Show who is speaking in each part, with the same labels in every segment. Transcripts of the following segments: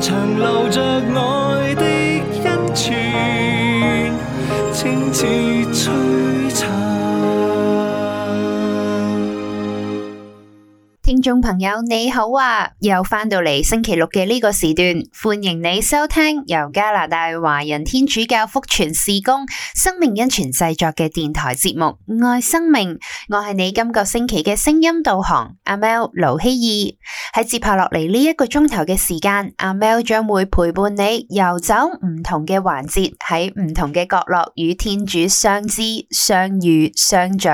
Speaker 1: 長留著愛的恩賜，
Speaker 2: 聽眾朋友，你。你好啊！又返到嚟星期六嘅呢個時段，歡迎你收聽由加拿大華人天主教福傳事工生命恩泉製作嘅電台節目《愛生命》。我係你今個星期嘅聲音導航阿 Mel 盧希爾。喺接下落嚟呢一個鐘頭嘅時間，阿 Mel 將會陪伴你遊走唔同嘅環節，喺唔同嘅角落與天主相知、相遇、相聚。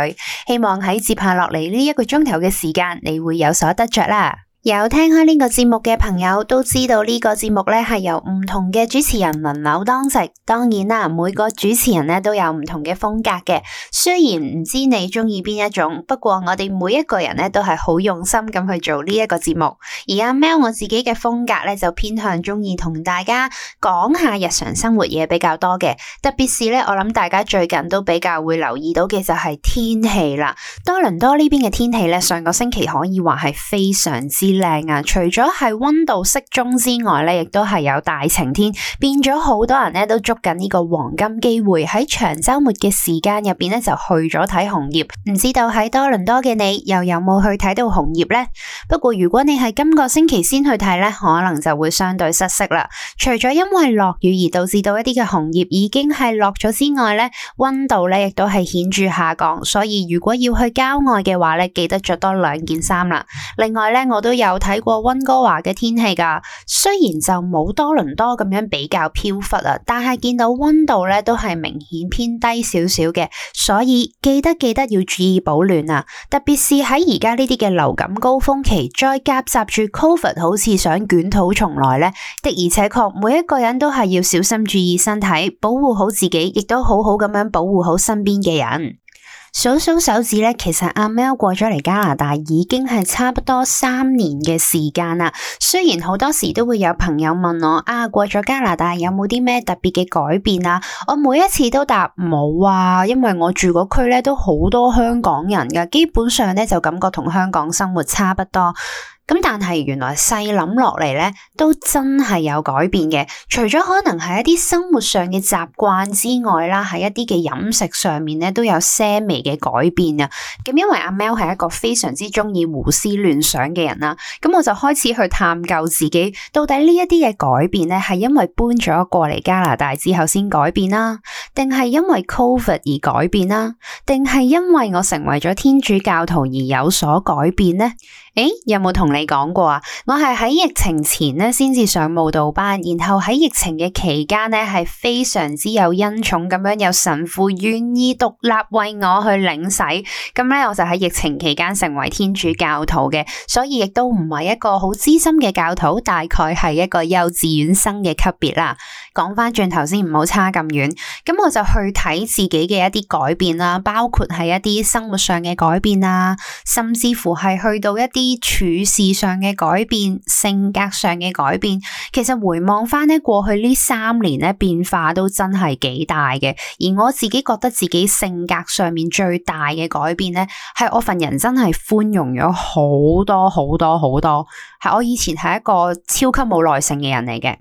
Speaker 2: 希望喺接下落嚟呢一個鐘頭嘅時間，你會有所得着啦。有聽開呢個節目嘅朋友都知道，呢個節目咧係由唔同嘅主持人輪流當值。當然啦，每個主持人咧都有唔同嘅風格嘅。雖然唔知你中意邊一種，不過我哋每一個人咧都係好用心咁去做呢一個節目。而阿貓我自己嘅風格咧就偏向中意同大家講下日常生活嘢，比較多嘅。特別是咧，我諗大家最近都比較會留意到嘅就係天氣啦。多倫多呢邊嘅天氣咧，上個星期可以話係非常之靚啊！除咗係溫度適中之外咧，亦都係有大晴天，變咗好多人咧都捉緊呢個黃金機會喺長周末嘅時間入邊咧就去咗睇紅葉。唔知道喺多倫多嘅你又有冇去睇到紅葉呢？不過如果你係今個星期先去睇呢，可能就會相對失色啦。除咗因為落雨而導致到一啲嘅紅葉已經係落咗之外呢，溫度咧亦都係顯著下降，所以如果要去郊外嘅話咧，記得着多兩件衫啦。另外咧，我都有。有睇過溫哥華嘅天氣噶，雖然就冇多倫多咁樣比較飄忽啊，但係見到溫度咧都係明顯偏低少少嘅，所以記得記得要注意保暖啊！特別是喺而家呢啲嘅流感高峰期，再夾雜住 Covid 好似想捲土重來咧，的而且確每一個人都係要小心注意身體，保護好自己，亦都好好咁樣保護好身邊嘅人。數手指咧，其實阿 Mel 過咗嚟加拿大已經係差不多三年嘅時間啦。雖然好多時都會有朋友問我啊，過咗加拿大有冇啲咩特別嘅改變啊？我每一次都答冇啊，因為我住嗰區咧都好多香港人噶，基本上咧就感覺同香港生活差不多。咁但係原來細諗落嚟咧，都真係有改變嘅。除咗可能係一啲生活上嘅習慣之外啦，喺一啲嘅飲食上面咧，都有些微嘅改變啊。咁因為阿 Mel 係一個非常之中意胡思亂想嘅人啦，咁我就開始去探究自己到底呢一啲嘅改變咧，係因為搬咗過嚟加拿大之後先改變啦，定係因為 Covid 而改變啦，定係因為我成為咗天主教徒而有所改變呢？誒、欸，有冇同你講過啊？我係喺疫情前咧先至上舞蹈班，然後喺疫情嘅期間咧係非常之有恩寵咁樣，有神父願意獨立為我去領洗，咁咧我就喺疫情期間成為天主教徒嘅，所以亦都唔係一個好資深嘅教徒，大概係一個幼稚園生嘅級別啦。講翻轉頭先，唔好差咁遠，咁我就去睇自己嘅一啲改變啦，包括係一啲生活上嘅改變啦，甚至乎係去到一啲啲處事上嘅改變，性格上嘅改變，其實回望翻咧過去呢三年咧，變化都真係幾大嘅。而我自己覺得自己性格上面最大嘅改變咧，係我份人真係寬容咗好多好多好多。係我以前係一個超級冇耐性嘅人嚟嘅，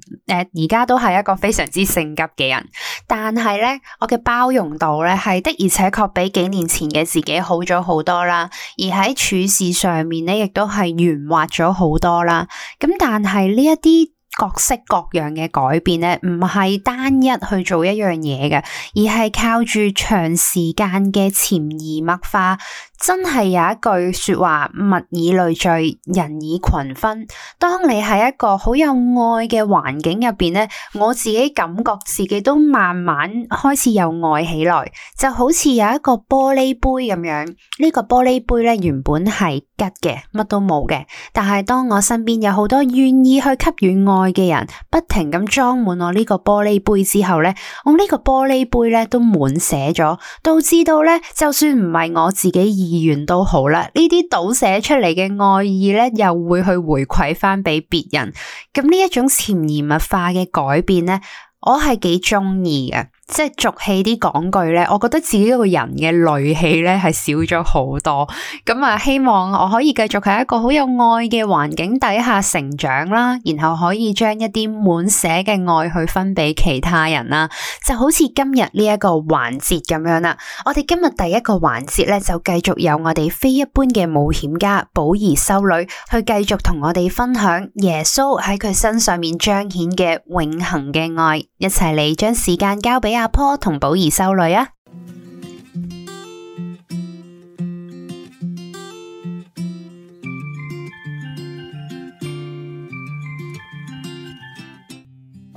Speaker 2: 誒而家都係一個非常之性急嘅人。但係咧，我嘅包容度咧，係的而且確比幾年前嘅自己好咗好多啦。而喺處事上面咧都係圓滑咗好多啦，咁但係呢一啲各式各樣嘅改變呢，唔係單一去做一樣嘢嘅，而係靠住長時間嘅潛移默化。真係有一句說話，物以類聚，人以群分。當你喺一個好有愛嘅環境入邊咧，我自己感覺自己都慢慢開始有愛起來，就好似有一個玻璃杯咁樣。呢個玻璃杯呢，原本係吉嘅，乜都冇嘅。但係當我身邊有好多願意去給予愛嘅人，不停咁裝滿我呢個玻璃杯之後呢，我呢個玻璃杯呢都滿寫咗，導致到呢，就算唔係我自己意願都好啦，呢啲倒寫出嚟嘅愛意咧，又會去回饋翻俾別人。咁呢一種潛移默化嘅改變咧，我係幾中意嘅。即係俗氣啲講句咧，我覺得自己個人嘅戾氣咧係少咗好多，咁啊希望我可以繼續喺一個好有愛嘅環境底下成長啦，然後可以將一啲滿寫嘅愛去分俾其他人啦，就好似今日呢一個環節咁樣啦。我哋今日第一個環節咧就繼續有我哋非一般嘅冒險家保兒修女去繼續同我哋分享耶穌喺佢身上面彰顯嘅永恆嘅愛，一齊嚟將時間交俾。阿坡同寶儀修女啊！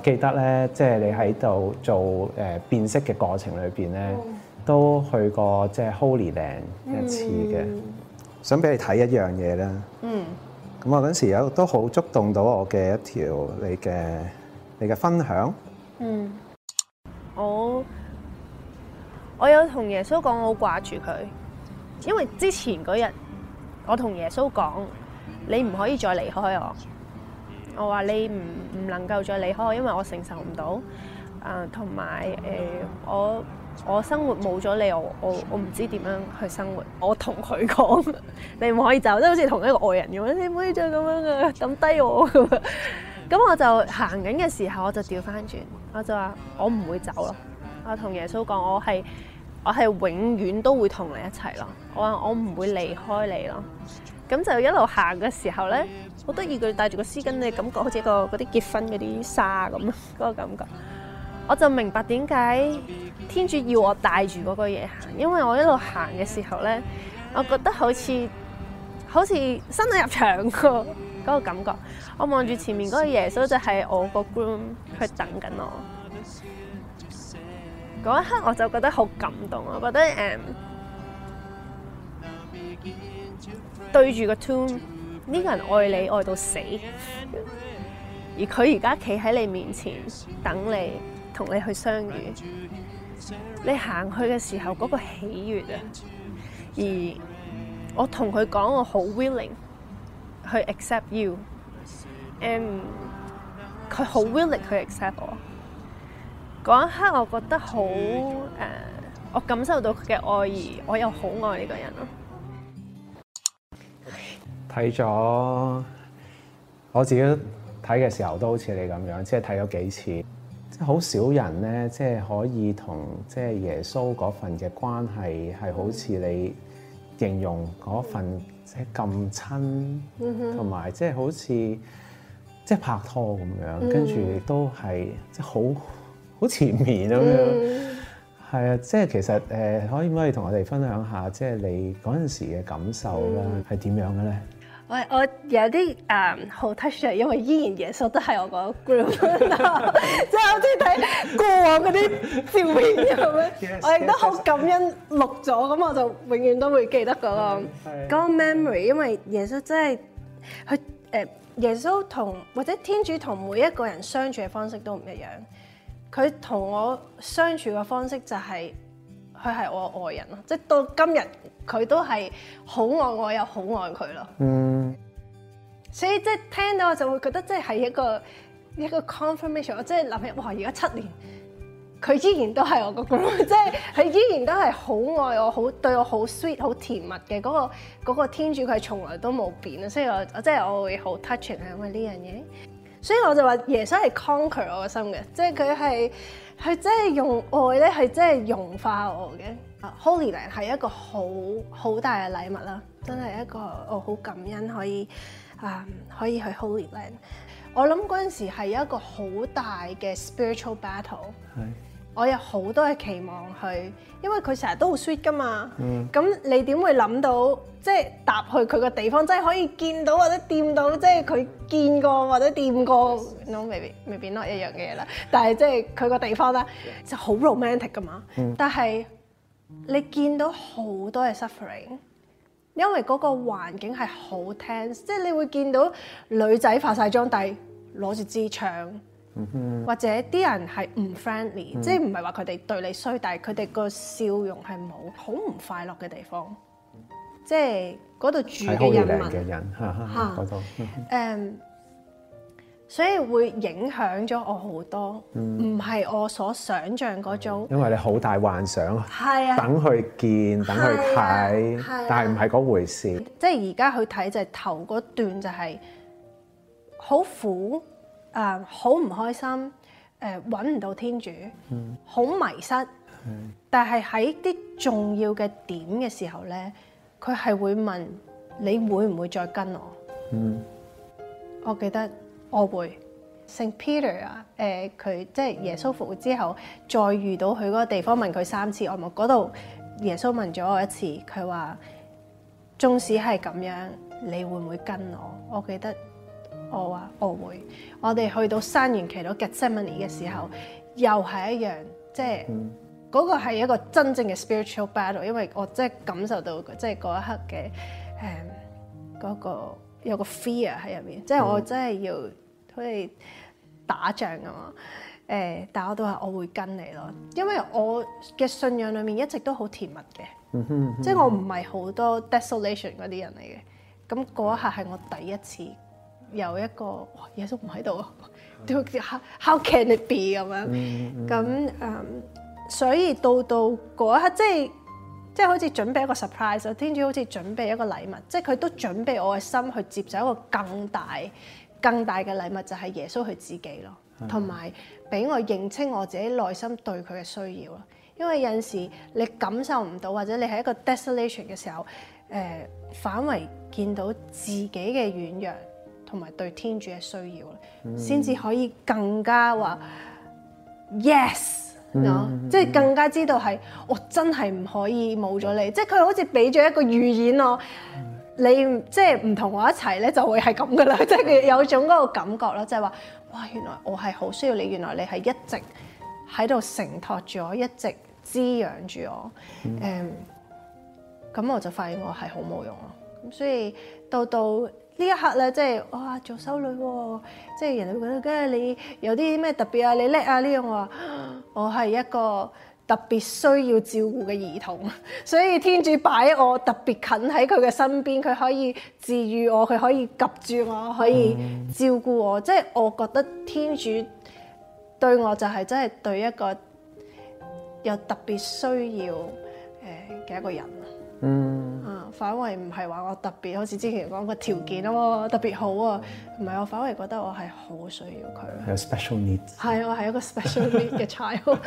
Speaker 1: 記得咧，即係你喺度做誒變色嘅過程裏邊咧，都去過即係 Holy Land 一次嘅。想俾你睇一樣嘢啦。嗯。咁我嗰時有都好觸動到我嘅一條你嘅你嘅分享。嗯。
Speaker 3: 我我有同耶穌講，我好掛住佢，因為之前嗰日我同耶穌講，你唔可以再離開我。我話你唔唔能夠再離開我，因為我承受唔到，啊、呃，同埋誒，我我生活冇咗你，我我我唔知點樣去生活。我同佢講， 你唔可以走，即係好似同一個外人咁樣，你唔可以再咁樣咁，啊、低我。咁 我就行緊嘅時候，我就掉翻轉。我就話我唔會走咯，我同耶穌講我係我係永遠都會同你一齊咯。我話我唔會離開你咯。咁就一路行嘅時候咧，好得意佢帶住個絲巾咧，感覺好似、嗰個嗰啲結婚嗰啲紗咁，嗰、嗰個感覺。我就明白點解天主要我帶住嗰個嘢行，因為我一路行嘅時候咧，我覺得好似好似身體入場個。嗰個感覺，我望住前面嗰個耶穌就係我個 groom，佢等緊我。嗰一刻我就覺得好感動，我覺得誒，
Speaker 1: 對住個
Speaker 3: tomb，呢個人愛你愛到死，而佢而家企喺你面前等你，同你去相遇。你行去嘅時候嗰個喜悅啊，而我同佢講我好 willing。去 accept you，誒，佢好 willing 去 accept 我。嗰一刻我覺得好誒，uh, 我感受到佢嘅愛意，我又好愛呢個人咯。
Speaker 1: 睇咗我自己睇嘅時候都好似你咁樣，即係睇咗幾次，即係好少人咧，即係可以同即係耶穌嗰份嘅關係係好似你形容嗰份。即係咁親，
Speaker 4: 同埋
Speaker 1: 即係好似即係拍拖咁樣，跟住都係即係好好纏綿咁樣。係啊、嗯，即係其實誒，可唔可以同我哋分享下，即係你嗰陣時嘅感受啦，係點樣嘅咧？
Speaker 4: 我我
Speaker 3: 有啲誒好 touch 嘅，因為依然耶穌都係我個 group，
Speaker 4: 即係我中意睇過往嗰啲照片咁樣，yes, yes, yes, yes. 我亦都好感
Speaker 3: 恩錄咗，咁我就永遠都會記得嗰、嗰個，yes, yes , yes. 個 memory，因為耶穌真係佢誒耶穌同或者天主同每一個人相處嘅方式都唔一樣，佢同我相處嘅方式就係、係。佢係我愛人咯，即係到今日佢都係好愛我又好愛佢咯。嗯，所以即係聽到我就會覺得即係係一個一個 confirmation，我即係諗起哇！而家七年佢依然都係我個公， 即係佢依然都係好愛我，好對我好 sweet 好甜蜜嘅嗰、嗰個嗰個天主，佢從來都冇變啊！所以我我即係我會好 touch 係因為呢樣嘢，所以我就話耶穌係 conquer 我個心嘅，即係佢係。佢真係用愛咧，係真係融化我嘅。Holy Land 係一個好好大嘅禮物啦，真係一個我好感恩可以啊、mm hmm. 嗯、可以去 Holy Land。我諗嗰陣時係一個好大嘅 spiritual battle、mm。Hmm. 我有好多嘅期望去，因為佢成日都好 sweet 㗎嘛。咁、嗯、你點會諗到，即係搭去佢個地方，即係可以見到或者掂到，即係佢見過或者掂過 ，no maybe maybe not 一樣嘅嘢啦。但係即係佢個地方咧就好 romantic 㗎嘛。嗯、但係你見到好多嘅 suffering，因為嗰個環境係好 tense，即係 你會見到女仔化曬妝底，攞住支槍。或者啲人係唔 friendly，即係唔係話佢哋對你衰，但係佢哋個笑容係冇好唔快樂嘅地方，即係嗰度住嘅人。好善
Speaker 1: 嘅人，吓
Speaker 3: 誒，所以會影響咗我好多，唔係我所想象嗰種。因為
Speaker 1: 你好大幻想，係啊等佢見，等佢睇，但係唔係嗰回事。
Speaker 3: 即係而家去睇就頭嗰段就係好苦。啊，好唔、uh, 開心，誒、呃，搵唔到天主，好、mm hmm. 迷失，mm hmm. 但係喺啲重要嘅點嘅時候咧，佢係會問你會唔會再跟我？嗯、
Speaker 4: mm，hmm.
Speaker 3: 我記得我會。聖彼得啊，誒、呃，佢即係耶穌復活之後，mm hmm. 再遇到佢嗰個地方問佢三次，我冇嗰度耶穌問咗我一次，佢話縱使係咁樣，你會唔會跟我？我記得。我話我會。我哋去到山園祈禱 Gethsemane 嘅時候，mm. 又係一樣，即係嗰、mm. 個係一個真正嘅 spiritual battle。因為我即係感受到，即係嗰一刻嘅誒嗰個有個 fear 喺入面，mm. 即係我真係要佢哋打仗啊嘛。誒，但我都話我會跟你咯，因為我嘅信仰裏面一直都好甜蜜嘅，mm. 即係我唔係好多 desolation 嗰啲人嚟嘅。咁嗰一刻係我第一次。有一個，哦、耶穌唔喺度啊，都 how can it be 咁樣，嗯？咁、
Speaker 4: 嗯、誒、
Speaker 3: 嗯，所以到到嗰一刻，即係即係好似準備一個 surprise，天主好似準備一個禮物，即係佢都準備我嘅心去接受一個更大、更大嘅禮物，就係、是、耶穌佢自己咯，同埋俾我認清我自己內心對佢嘅需要咯。因為有陣時你感受唔到，或者你係一個 desolation 嘅時候，誒、呃、反為見到自己嘅軟弱。同埋對天主嘅需要，先至可以更加話 yes，即係更加知道係我真係唔可以冇咗你。即係佢好似俾咗一個預演我，你即係唔同我一齊咧，就會係咁噶啦。即佢有種嗰個感覺咯，就係話哇，原來我係好需要你，原來你係一直喺度承托住我，一直滋養住我。誒，咁我就發現我係好冇用咯。咁所以到到呢一刻咧，即係哇，做修女、哦，即係人哋會覺得，梗係你有啲咩特別啊，你叻啊呢樣。我我係一個特別需要照顧嘅兒童，所以天主擺喺我特別近喺佢嘅身邊，佢可以治癒我，佢可以及住我，可以照顧我。嗯、即係我覺得天主對我就係真係對一個有特別需要誒嘅一個人。嗯。反為唔係話我特別，好似之前講個條件啊喎，特別好啊，唔係，我反為覺得我係好需要佢。
Speaker 1: 係一個 special needs。
Speaker 3: 係啊，係一個 special needs 嘅 child。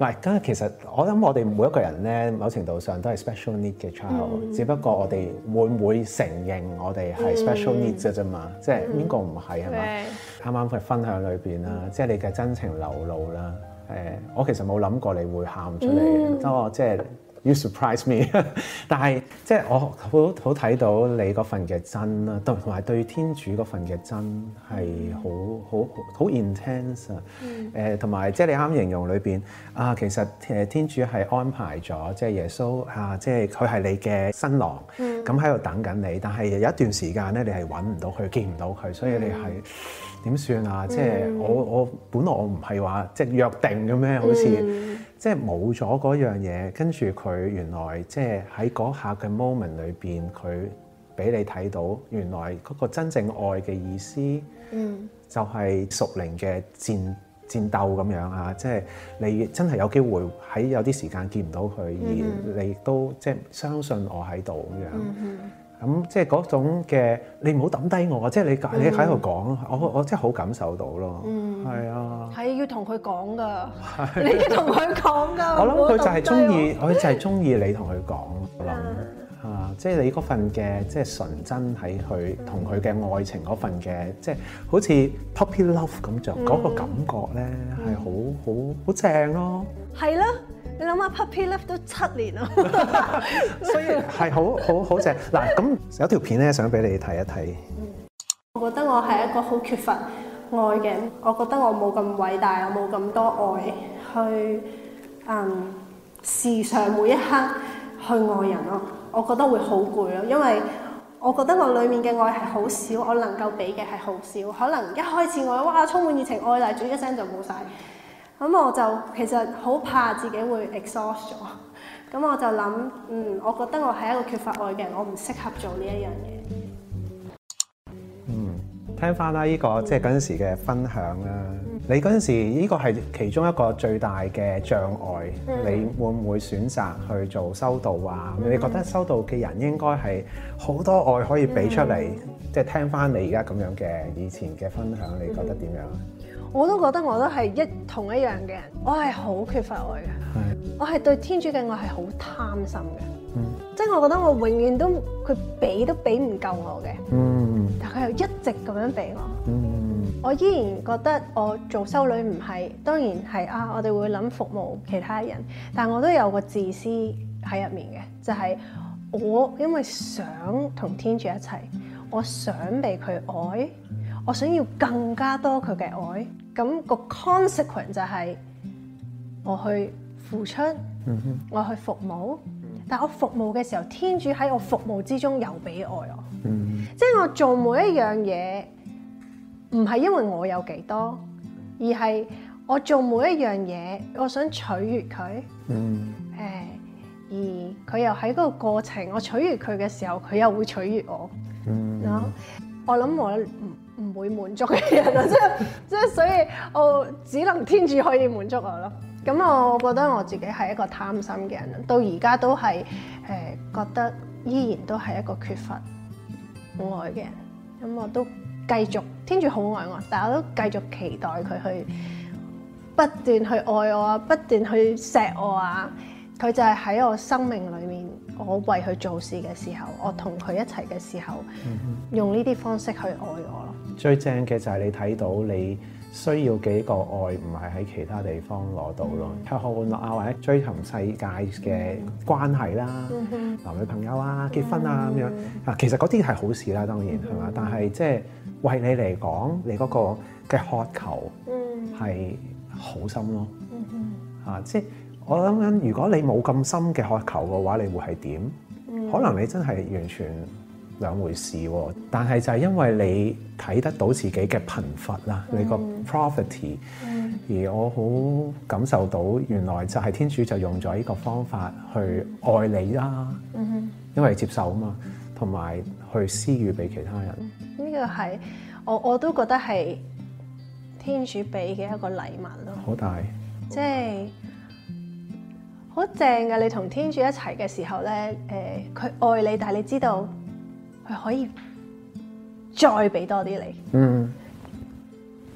Speaker 1: 嗱，咁啊，其實我諗我哋每一個人咧，某程度上都係 special needs 嘅 child，只不過我哋會唔會承認我哋係 special needs 啫嘛？即係邊個唔係係嘛？啱啱佢分享裏邊啦，即係你嘅真情流露啦。誒，我其實冇諗過你會喊出嚟，都即係。You surprise me， 但係即係我好好睇到你嗰份嘅真啦，同埋對天主嗰份嘅真係好好好 intense 啊！誒、嗯，同埋、呃、即係你啱啱形容裏邊啊，其實誒天主係安排咗，即係耶穌啊，即係佢係你嘅新郎，咁喺度等緊你。但係有一段時間咧，你係揾唔到佢，見唔到佢，嗯、所以你係點算啊？嗯、即係我我本來我唔係話即係約定嘅咩？好似。嗯即係冇咗嗰樣嘢，跟住佢原來即係喺嗰下嘅 moment 裏邊，佢俾你睇到原來嗰個真正愛嘅意思，嗯，就係屬靈嘅戰戰鬥咁樣啊！即係你真係有機會喺有啲時間見唔到佢，嗯嗯，而你亦都即係相信我喺度咁樣。嗯嗯咁即係嗰種嘅，你唔好抌低我啊！即係你你喺度講，我我真係好感受到咯，係啊，
Speaker 3: 係要同佢講噶，
Speaker 1: 你要同佢
Speaker 3: 講噶。我諗佢就係中意，
Speaker 1: 佢就係中意你同佢講。我諗啊，即係你嗰份嘅即係純真喺佢同佢嘅愛情嗰份嘅，即係好似 puppy love 咁就嗰個感覺咧，係好好好正咯。
Speaker 3: 係啦。你諗下，Puppy Love 都七年啦，
Speaker 1: 所以係好好好正嗱。咁有條片咧，想俾你睇一睇、
Speaker 3: 嗯。我覺得我係一個好缺乏愛嘅人，我覺得我冇咁偉大，我冇咁多愛去嗯時常每一刻去愛人咯。我覺得會好攰咯，因為我覺得我裡面嘅愛係好少，我能夠俾嘅係好少。可能一開始我哇充滿熱情愛嚟，轉一聲就冇晒。咁我就其實好怕自己會 exhaust 咗，咁我就諗，嗯，我覺得我係一個缺乏愛嘅人，我唔適合做呢一樣嘢。嗯，
Speaker 1: 聽翻啦、呢個，呢個、嗯、即係嗰陣時嘅分享啦。嗯、你嗰陣時，依、呢個係其中一個最大嘅障礙。嗯、你會唔會選擇去做修道啊？嗯、你覺得修道嘅人應該係好多愛可以俾出嚟？嗯嗯、即係聽翻你而家咁樣嘅以前嘅分享，你覺得點樣？嗯
Speaker 3: 我都覺得我都係一同一樣嘅人，我係好缺乏愛嘅，我係對天主嘅愛係好貪心嘅，嗯、即係我覺得我永遠都，佢俾都俾唔夠我嘅，嗯、但佢又一直咁樣俾我，嗯、我依然覺得我做修女唔係，當然係啊，我哋會諗服務其他人，但我都有個自私喺入面嘅，就係、是、我因為想同天主一齊，我想俾佢愛，我想要更加多佢嘅愛。咁個 consequence 就係我去付出，mm hmm. 我去服務，但我服務嘅時候，天主喺我服務之中又俾愛我，mm hmm. 即係我做每一樣嘢，唔係因為我有幾多，而係我做每一樣嘢，我想取悅佢，誒、mm，hmm. 而佢又喺嗰個過程，我取悅佢嘅時候，佢又會取悅我，嗱、mm，hmm. So, 我諗我。唔會滿足嘅人，即係即係，所以我只能天主可以滿足我咯。咁我覺得我自己係一個貪心嘅人，到而家都係誒、呃、覺得依然都係一個缺乏愛嘅人。咁、嗯、我都繼續天主好愛我，但我都繼續期待佢去不斷去愛我啊，不斷去錫我啊。佢就係喺我生命裏面。我為佢做事嘅時候，我同佢一齊嘅時候，用呢啲方式去愛我咯。嗯嗯，
Speaker 1: 最正嘅就係你睇到你需要幾個愛，唔係喺其他地方攞到咯。吃喝、嗯嗯、玩樂啊，或者追求世界嘅關係啦，嗯嗯男女朋友啊，結婚啊咁、嗯、樣啊，其實嗰啲係好事啦、啊，當然係嘛、嗯嗯？但係即係為你嚟講，你嗰個嘅渴求係好深咯。啊、嗯嗯，即、嗯我諗緊，如果你冇咁深嘅渴求嘅話，你會係點？嗯、
Speaker 4: 可能你
Speaker 1: 真係完全兩回事喎、啊。但係就係因為你睇得到自己嘅貧乏啦，你個 property，而我好感受到原來就係天主就用咗呢個方法去愛你啦、啊，嗯、因為接受啊嘛，同埋去施予俾其他人。
Speaker 3: 呢、嗯這個係我我都覺得係天主俾嘅一個禮物咯，好大，即係、就是。好正呀，你同天主一齊嘅時候咧，誒、呃，佢愛你，但係你知道佢可以再俾多啲你。嗯、
Speaker 4: mm。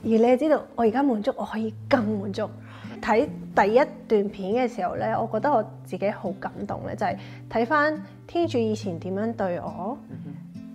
Speaker 3: Hmm. 而你知道，我而家滿足，我可以更滿足。睇第一段片嘅時候咧，我覺得我自己好感動咧，就係睇翻天主以前點樣對我。Mm hmm.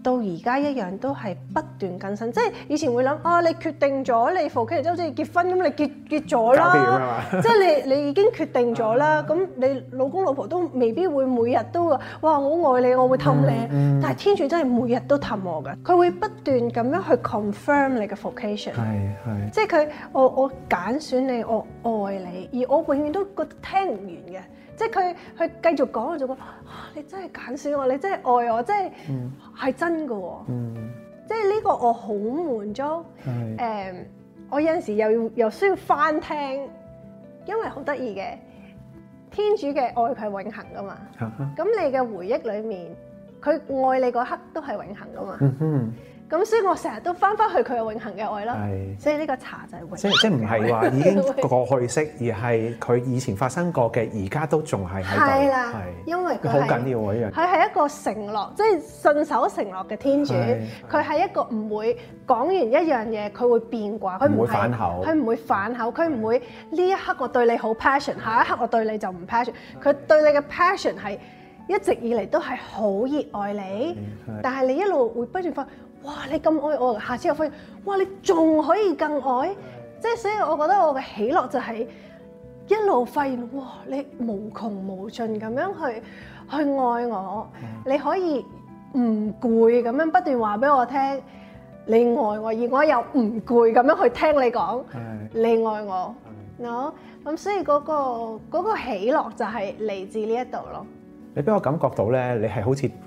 Speaker 3: 到而家一樣都係不斷更新，即係以前會諗啊，你決定咗你 vocation 即係好似結婚咁，你結結咗啦，即係你你已經決定咗啦，咁 你老公老婆都未必會每日都哇，我愛你，我會氹你，嗯嗯、但係天主真係每日都氹我嘅，佢會不斷咁樣去 confirm 你嘅 vocation，係係，即係佢我我揀選你，我愛你，而我永遠都覺得聽唔完嘅。即係佢佢繼續講我就講，啊，你真係揀選我，你真係愛我，真係係、嗯、真嘅喎，喔。嗯，即係呢個我好滿足。誒是
Speaker 4: ，um,
Speaker 3: 我有陣時又又需要翻聽，因為好得意嘅，天主嘅愛佢係永恆噶嘛。咁 你嘅回憶裡面，佢愛你嗰刻都係永恆噶嘛。 咁所以我成日都翻翻去佢嘅永恆嘅愛啦，所以呢個茶就係永。即即唔
Speaker 1: 係話已經過去式，而係佢以前發生過嘅，而家都仲係喺度。係啦，
Speaker 3: 因為佢好緊要呢樣。佢係一個承諾，即係信守承諾嘅天主。佢係一個唔會講完一樣嘢，佢會變卦。佢唔會反口，佢唔會反口，佢唔會呢一刻我對你好 passion，下一刻我對你就唔 passion。佢對你嘅 passion 係一直以嚟都係好熱愛你，但係你一路會不斷發。哇！你咁愛我，下次又發現哇！你仲可以更愛，即係所以，我覺得我嘅喜樂就係一路發現哇！你無窮無盡咁樣去去愛我，你可以唔攰咁樣不斷話俾我聽你愛我，而我又唔攰咁樣去聽你講你愛我，嗱咁，所以嗰個嗰個喜樂就係嚟自呢一度咯。
Speaker 1: 你俾我感覺到咧，你係好似～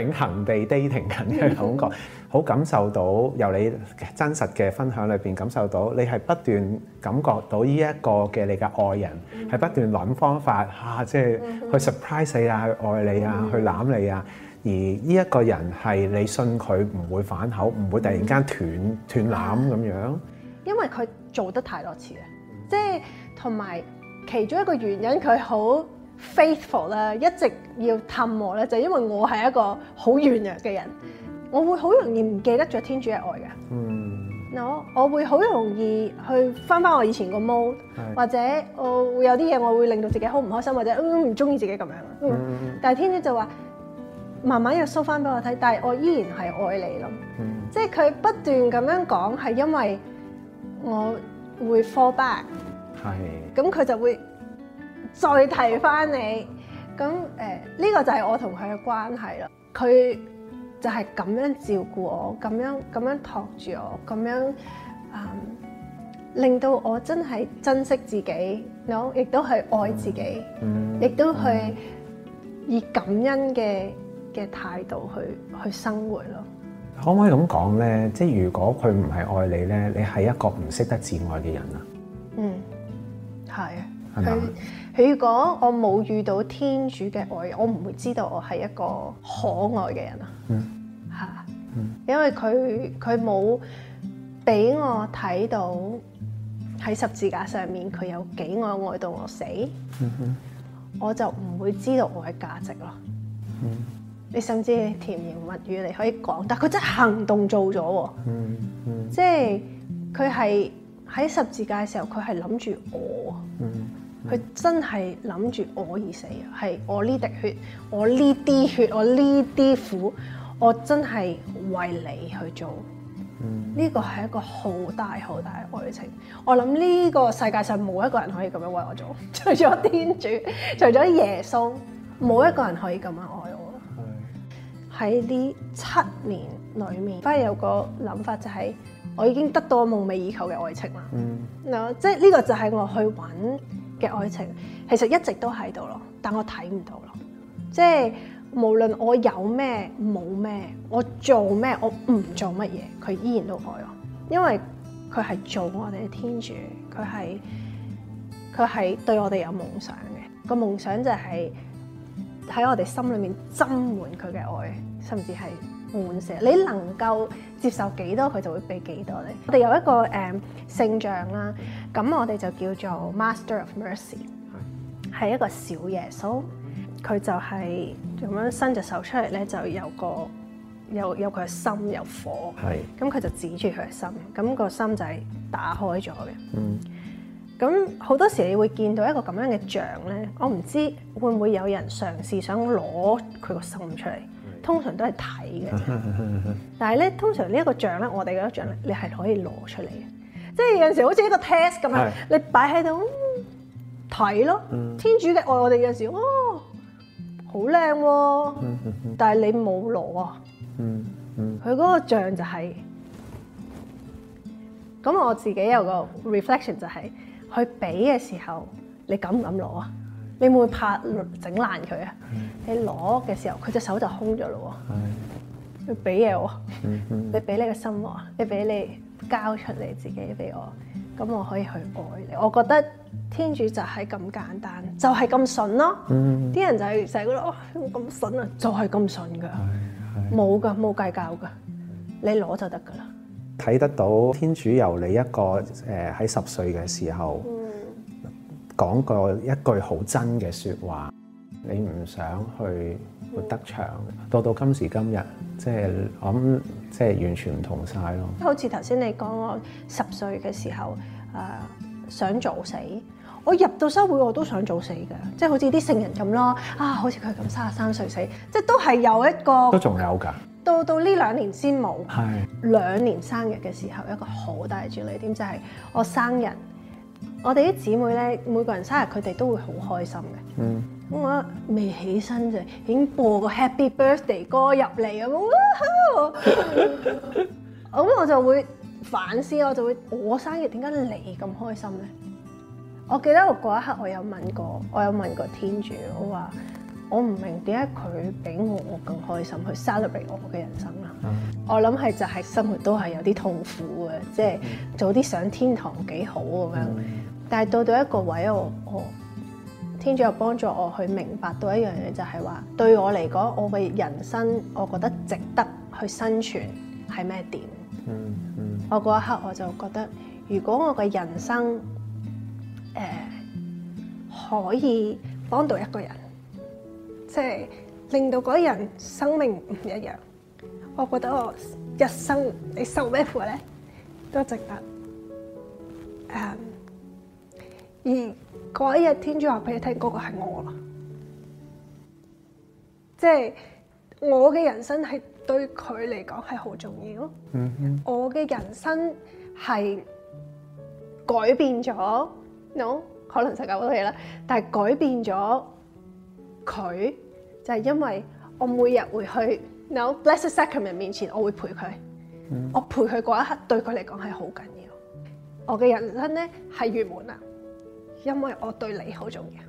Speaker 1: 永恒地 dating 緊嘅感覺，好、嗯、哼感受到由你真實嘅分享裏邊感受到，你係不斷感覺到呢一個嘅你嘅愛人係、嗯、哼不斷諗方法嚇、啊，即係去 surprise 你啊，去愛你啊，嗯、哼去攬你啊。而呢一個人係你信佢唔會反口，唔會突然間斷斷攬咁樣。
Speaker 3: 因為佢做得太多次啊，即係同埋其中一個原因，佢好。faithful 啦，Faith ful, 一直要氹我咧，就是、因為我係一個好軟弱嘅人，我會好容易唔記得咗天主嘅愛嘅。嗯。
Speaker 4: 我、
Speaker 3: no? 我會好容易去翻翻我以前個 mode，是或者我會有啲嘢我會令到自己好唔開心，或者唔中意自己咁樣、嗯嗯、但係天主就話慢慢又 show 翻俾我睇，但係我依然係愛你咯。嗯、即係佢不斷咁樣講，係因為我會 fall back 是。係。咁佢就會。再提翻你，咁誒呢個就係我同佢嘅關係啦。佢就係咁樣照顧我，咁樣咁樣託住我，咁樣誒，令到我真係珍惜自己 n、no? 亦都去愛自己，亦、嗯、都去以感恩嘅嘅、嗯、態度去去生活咯。
Speaker 1: 可唔可以咁講咧？即係如果佢唔係愛你咧，你係一個唔識得自愛嘅人、嗯、啊？嗯
Speaker 3: 吧，係。係咪啊？如果我冇遇到天主嘅愛，我唔會知道我係一個可愛嘅人啊！吓、mm，hmm. 因為佢佢冇俾我睇到喺十字架上面佢有幾愛愛到我死，哼、
Speaker 4: mm，hmm.
Speaker 3: 我就唔會知道我嘅價值咯。Mm hmm. 你甚至甜言蜜語你可以講，但佢真係行動做咗，嗯、mm
Speaker 4: hmm.
Speaker 3: 即係佢係喺十字架嘅時候，佢係諗住我，嗯、mm。Hmm. 佢真係諗住我而死，係我呢滴血，我呢啲血，我呢啲苦，我真係為你去做。嗯，呢個係一個好大好大嘅愛情。我諗呢個世界上冇一個人可以咁樣為我做，除咗天主，除咗耶穌，冇一個人可以咁樣愛我。嗯，喺呢七年裏面，反而有個諗法就係、是，我已經得到我夢寐以求嘅愛情啦。嗱、嗯，即係呢個就係我去揾嘅愛情其實一直都喺度咯，但我睇唔到咯。即係無論我有咩冇咩，我做咩我唔做乜嘢，佢依然都愛我，因為佢係做我哋嘅天主，佢係佢係對我哋有夢想嘅。個夢想就係喺我哋心裏面斟滿佢嘅愛，甚至係。滿舍，你能夠接受幾多，佢就會俾幾多你。我哋有一個誒、um, 聖像啦，咁我哋就叫做 Master of Mercy，係是一個小耶穌，佢就係、是、咁樣伸隻手出嚟咧，就有個有有佢嘅心有火，係是，咁佢就指住佢嘅心，咁個心就係打開咗嘅。嗯，咁好多時你會見到一個咁樣嘅像咧，我唔知會唔會有人嘗試想攞佢個心出嚟。通常都係睇
Speaker 4: 嘅，
Speaker 3: 但係咧，通常呢一個像咧，我哋嗰個像咧，你係可以攞出嚟嘅，即係有陣時好似一個 test 咁樣的，你擺喺度睇咯。嗯、天主嘅愛我哋有陣時，哦，好靚喎，嗯、但係你冇攞啊。嗯、佢嗰個像就係、是，咁我自己有個 reflection 就係、是，去畀嘅時候，你敢唔敢攞啊？你會唔會拍整爛佢啊？嗯、你攞嘅時候，佢隻手就空咗咯喎。佢俾嘢我，你俾你嘅心我，你俾你交出你自己俾我，咁我可以去愛你。我覺得天主就係咁簡單，就係咁順咯。啲、嗯、人就係成日覺得：「哦，咁順啊，就係咁順㗎，冇㗎、哎，冇、哎、計較㗎，嗯、你攞就得㗎啦。
Speaker 1: 睇得到天主由你一個誒喺十歲嘅時候。講過一句好真嘅説話，你唔想去活得長，嗯、到到今時今日，即係我諗，即係完全唔同晒咯。
Speaker 3: 好似頭先你講，我十歲嘅時候，誒、呃、想早死，我入到修會我都想早死嘅，即係好似啲聖人咁咯。啊，好似佢咁三十三歲死，即係都係有一個都仲有㗎。到到呢兩年先冇，係唉兩年生日嘅時候，一個好大嘅轉捩點就係、是、我生日。我哋啲姊妹咧，每個人生日佢哋都會好開心嘅。嗯，我未起身就已經播個 Happy Birthday 歌入嚟咁，咁 我就會反思，我就會我生日點解你咁開心咧？我記得我嗰一刻我有問過，我有問過天主，我話我唔明點解佢比我更開心去 celebrate 我嘅人生啦。嗯、我諗係就係生活都係有啲痛苦嘅，即係、嗯、早啲上天堂幾好咁樣。嗯但係到到一個位，我我天主又幫助我去明白到一樣嘢，就係話對我嚟講，我嘅人生我覺得值得去生存係咩點？嗯嗯，我嗰一刻我就覺得，如果我嘅人生誒可以幫到一個人，即係令到嗰人生命唔一樣，我覺得我一生你受咩苦咧都值得誒。呃而嗰一日天主話俾你聽，嗰、那個係我啦，即係我嘅人生係對佢嚟講係好重要。嗯、mm
Speaker 4: hmm.
Speaker 3: 我嘅人生係改變咗，no，可能世界好多嘢啦，但係改變咗佢就係、是、因為我每日回去 no Blessed Sacrament 面前，我會陪佢，mm hmm. 我陪佢嗰一刻對佢嚟講係好緊要，我嘅人生咧係圓滿啦。因為我對你好重要，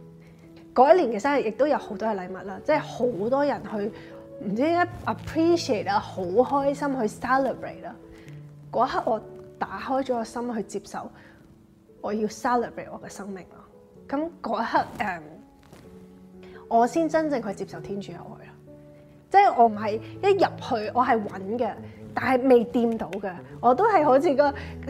Speaker 3: 嗰一年嘅生日亦都有好多嘅禮物啦，即係好多人去唔知點解 appreciate 啦，好開心去 celebrate 啦。嗰一刻我打開咗個心去接受，我要 celebrate 我嘅生命啦。咁嗰一刻誒，um, 我先真正去接受天主嘅愛啦。即係我唔係一入去，我係揾嘅。但係未掂到嘅，我都係好似個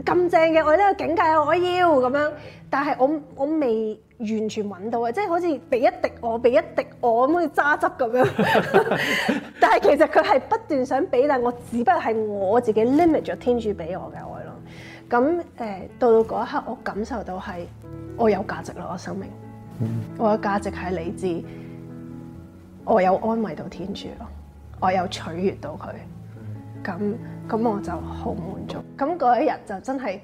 Speaker 3: 咁正嘅，我、這、呢個境界我要咁樣。但係我我未完全揾到啊，即係好似俾一滴我，俾一滴我咁去揸汁咁樣。 但係其實佢係不斷想俾，但我只不過係我自己 limit 咗天主俾我嘅愛咯。咁誒、呃、到到嗰一刻，我感受到係我有價值啦，我生命，嗯、我嘅價值係理智。我有安慰到天主咯，我有取悅到佢。咁咁我就好滿足。咁嗰一日就真係